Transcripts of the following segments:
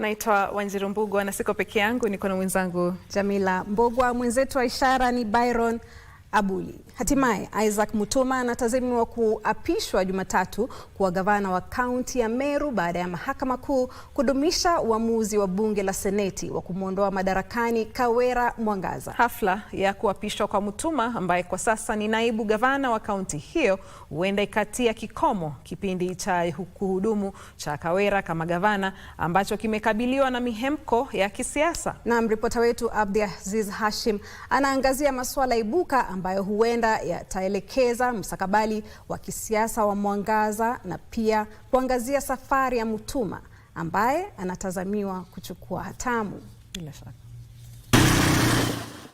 Naitwa Wanjiru Mbugwa na siko peke yangu, niko na mwenzangu Jamila Mbogwa. Mwenzetu wa ishara ni Byron Abuli. Hatimaye Isaac Mutuma anatazamiwa kuapishwa Jumatatu kuwa gavana wa kaunti ya Meru baada ya mahakama kuu kudumisha uamuzi wa bunge la seneti wa kumwondoa madarakani Kawera Mwangaza. Hafla ya kuapishwa kwa Mutuma ambaye kwa sasa ni naibu gavana wa kaunti hiyo huenda ikatia kikomo kipindi cha kuhudumu cha Kawera kama gavana ambacho kimekabiliwa na mihemko ya kisiasa. Naam, ripota wetu Abdi Aziz Hashim anaangazia masuala ibuka ambayo huenda yataelekeza mstakabali wa kisiasa wa Mwangaza na pia kuangazia safari ya Mutuma ambaye anatazamiwa kuchukua hatamu. Bila shaka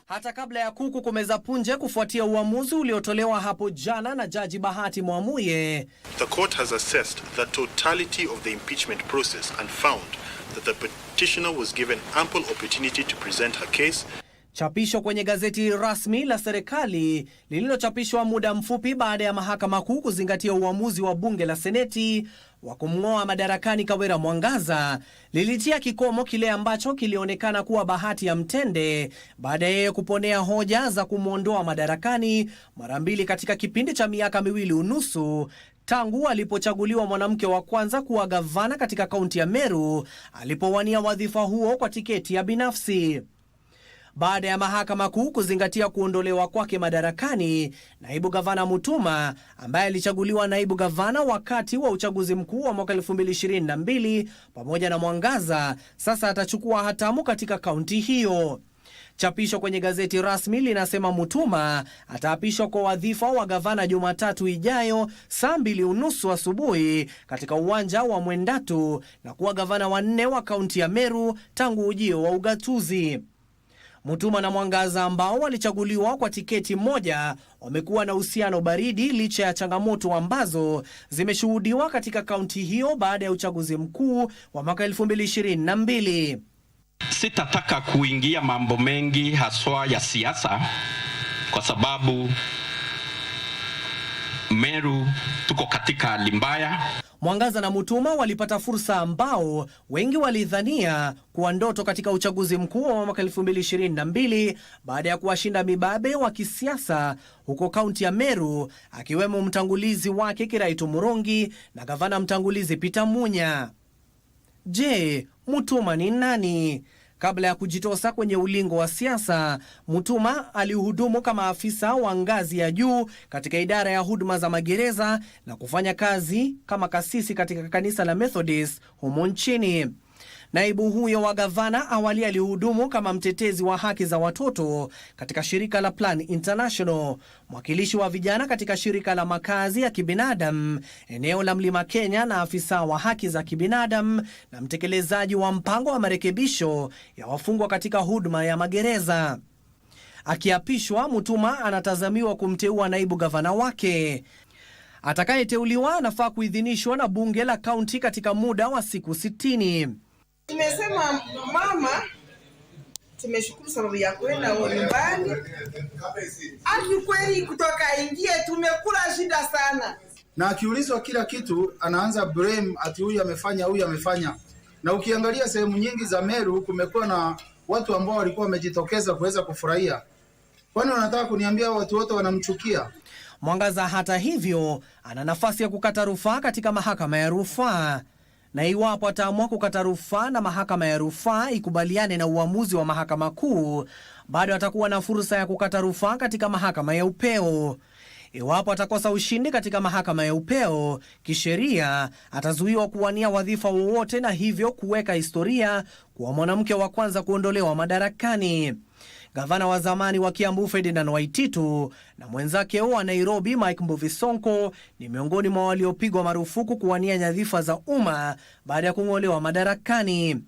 hata kabla ya kuku kumeza punje kufuatia uamuzi uliotolewa hapo jana na Jaji Bahati Mwamuye, The court has assessed the totality of the impeachment process and found that the petitioner was given ample opportunity to present her case. Chapisho kwenye gazeti rasmi la serikali lililochapishwa muda mfupi baada ya mahakama kuu kuzingatia uamuzi wa bunge la seneti wa kumng'oa madarakani Kawera Mwangaza lilitia kikomo kile ambacho kilionekana kuwa bahati ya mtende baada yeye kuponea hoja za kumwondoa madarakani mara mbili katika kipindi cha miaka miwili unusu tangu alipochaguliwa mwanamke wa kwanza kuwa gavana katika kaunti ya Meru alipowania wadhifa huo kwa tiketi ya binafsi baada ya mahakama kuu kuzingatia kuondolewa kwake madarakani naibu gavana Mutuma ambaye alichaguliwa naibu gavana wakati wa uchaguzi mkuu wa mwaka 2022 pamoja na Mwangaza, sasa atachukua hatamu katika kaunti hiyo. Chapisho kwenye gazeti rasmi linasema Mutuma ataapishwa kwa wadhifa wa gavana Jumatatu ijayo saa mbili unusu asubuhi katika uwanja wa Mwendatu na kuwa gavana wa nne wa kaunti ya Meru tangu ujio wa ugatuzi. Mutuma na Mwangaza ambao walichaguliwa kwa tiketi moja wamekuwa na uhusiano baridi licha ya changamoto ambazo zimeshuhudiwa katika kaunti hiyo baada ya uchaguzi mkuu wa mwaka 2022. Sitataka kuingia mambo mengi haswa ya siasa kwa sababu Meru tuko katika hali mbaya. Mwangaza na Mutuma walipata fursa ambao wengi walidhania kuwa ndoto katika uchaguzi mkuu wa mwaka 2022 baada ya kuwashinda mibabe wa kisiasa huko kaunti ya Meru, akiwemo mtangulizi wake Kiraitu Murungi na gavana mtangulizi Peter Munya. Je, Mutuma ni nani? Kabla ya kujitosa kwenye ulingo wa siasa, Mutuma alihudumu kama afisa wa ngazi ya juu katika idara ya huduma za magereza na kufanya kazi kama kasisi katika kanisa la Methodist humo nchini. Naibu huyo wa gavana awali alihudumu kama mtetezi wa haki za watoto katika shirika la Plan International, mwakilishi wa vijana katika shirika la makazi ya kibinadamu eneo la Mlima Kenya, na afisa wa haki za kibinadamu na mtekelezaji wa mpango wa marekebisho ya wafungwa katika huduma ya magereza. Akiapishwa, Mutuma anatazamiwa kumteua naibu gavana wake. Atakayeteuliwa anafaa kuidhinishwa na bunge la kaunti katika muda wa siku sitini. Tumesema mama, tumeshukuru sababu ya kwenda nyumbani. Aki kweli kutoka ingie, tumekula shida sana, na akiulizwa kila kitu anaanza blame, ati huyu amefanya, huyu amefanya. Na ukiangalia sehemu nyingi za Meru kumekuwa na watu ambao walikuwa wamejitokeza kuweza kufurahia. Kwani wanataka kuniambia watu wote wanamchukia? Mwangaza hata hivyo ana nafasi ya kukata rufaa katika mahakama ya rufaa na iwapo ataamua kukata rufaa na mahakama ya rufaa ikubaliane na uamuzi wa mahakama kuu, bado atakuwa na fursa ya kukata rufaa katika mahakama ya upeo. Iwapo atakosa ushindi katika mahakama ya upeo, kisheria atazuiwa kuwania wadhifa wowote na hivyo kuweka historia kwa mwanamke wa kwanza kuondolewa madarakani gavana wa zamani wa Kiambu Ferdinand Waititu na mwenzake wa Nairobi Mike Mbuvi Sonko ni miongoni mwa waliopigwa marufuku kuwania nyadhifa za umma baada ya kung'olewa madarakani.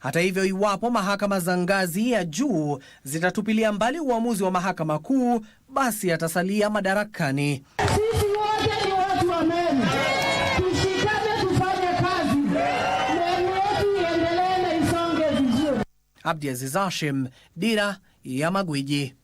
Hata hivyo, iwapo mahakama za ngazi ya juu zitatupilia mbali uamuzi wa mahakama kuu, basi atasalia madarakani. Sisi wote ni watu wa tushikane, tufanye kazi, mema yetu iendelee na isonge vizuri. Abdiaziz Hashim, Dira Yamaguchi.